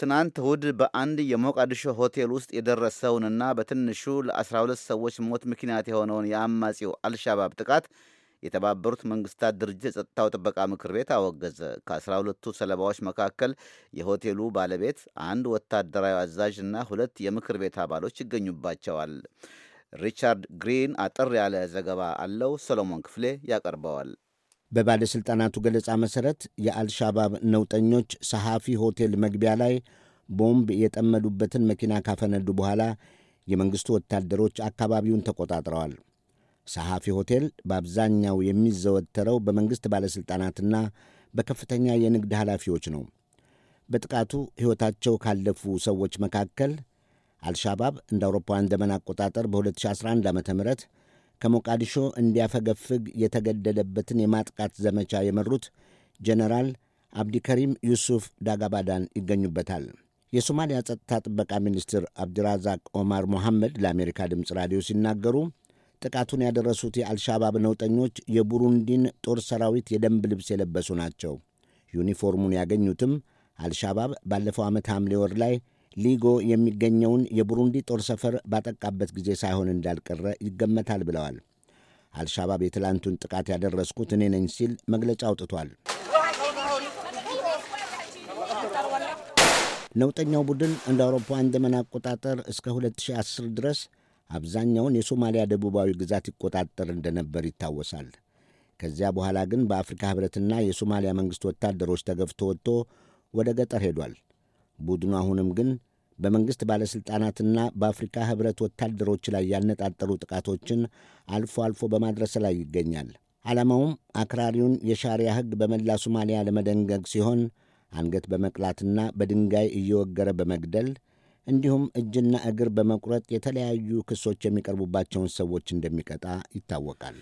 ትናንት እሁድ በአንድ የሞቃዲሾ ሆቴል ውስጥ የደረሰውንና በትንሹ ለ12 ሰዎች ሞት ምክንያት የሆነውን የአማጺው አልሻባብ ጥቃት የተባበሩት መንግስታት ድርጅት የጸጥታው ጥበቃ ምክር ቤት አወገዘ። ከ12ቱ ሰለባዎች መካከል የሆቴሉ ባለቤት፣ አንድ ወታደራዊ አዛዥ እና ሁለት የምክር ቤት አባሎች ይገኙባቸዋል። ሪቻርድ ግሪን አጠር ያለ ዘገባ አለው። ሰሎሞን ክፍሌ ያቀርበዋል። በባለሥልጣናቱ ገለጻ መሠረት የአልሻባብ ነውጠኞች ሰሐፊ ሆቴል መግቢያ ላይ ቦምብ የጠመዱበትን መኪና ካፈነዱ በኋላ የመንግሥቱ ወታደሮች አካባቢውን ተቆጣጥረዋል። ሰሐፊ ሆቴል በአብዛኛው የሚዘወተረው በመንግሥት ባለሥልጣናትና በከፍተኛ የንግድ ኃላፊዎች ነው። በጥቃቱ ሕይወታቸው ካለፉ ሰዎች መካከል አልሻባብ እንደ አውሮፓውያን ዘመን አቆጣጠር በ2011 ዓ ም ከሞቃዲሾ እንዲያፈገፍግ የተገደደበትን የማጥቃት ዘመቻ የመሩት ጀነራል አብዲከሪም ዩሱፍ ዳጋባዳን ይገኙበታል። የሶማሊያ ጸጥታ ጥበቃ ሚኒስትር አብድራዛቅ ኦማር ሞሐመድ ለአሜሪካ ድምፅ ራዲዮ ሲናገሩ ጥቃቱን ያደረሱት የአልሻባብ ነውጠኞች የቡሩንዲን ጦር ሰራዊት የደንብ ልብስ የለበሱ ናቸው። ዩኒፎርሙን ያገኙትም አልሻባብ ባለፈው ዓመት ሐምሌ ወር ላይ ሊጎ የሚገኘውን የቡሩንዲ ጦር ሰፈር ባጠቃበት ጊዜ ሳይሆን እንዳልቀረ ይገመታል ብለዋል። አልሻባብ የትላንቱን ጥቃት ያደረስኩት እኔ ነኝ ሲል መግለጫ አውጥቷል። ነውጠኛው ቡድን እንደ አውሮፓውያን ዘመን አቆጣጠር እስከ 2010 ድረስ አብዛኛውን የሶማሊያ ደቡባዊ ግዛት ይቆጣጠር እንደነበር ይታወሳል። ከዚያ በኋላ ግን በአፍሪካ ህብረትና የሶማሊያ መንግሥት ወታደሮች ተገፍቶ ወጥቶ ወደ ገጠር ሄዷል። ቡድኑ አሁንም ግን በመንግሥት ባለሥልጣናትና በአፍሪካ ኅብረት ወታደሮች ላይ ያነጣጠሩ ጥቃቶችን አልፎ አልፎ በማድረስ ላይ ይገኛል። ዓላማውም አክራሪውን የሻሪያ ሕግ በመላ ሶማሊያ ለመደንገግ ሲሆን አንገት በመቅላትና በድንጋይ እየወገረ በመግደል እንዲሁም እጅና እግር በመቁረጥ የተለያዩ ክሶች የሚቀርቡባቸውን ሰዎች እንደሚቀጣ ይታወቃል።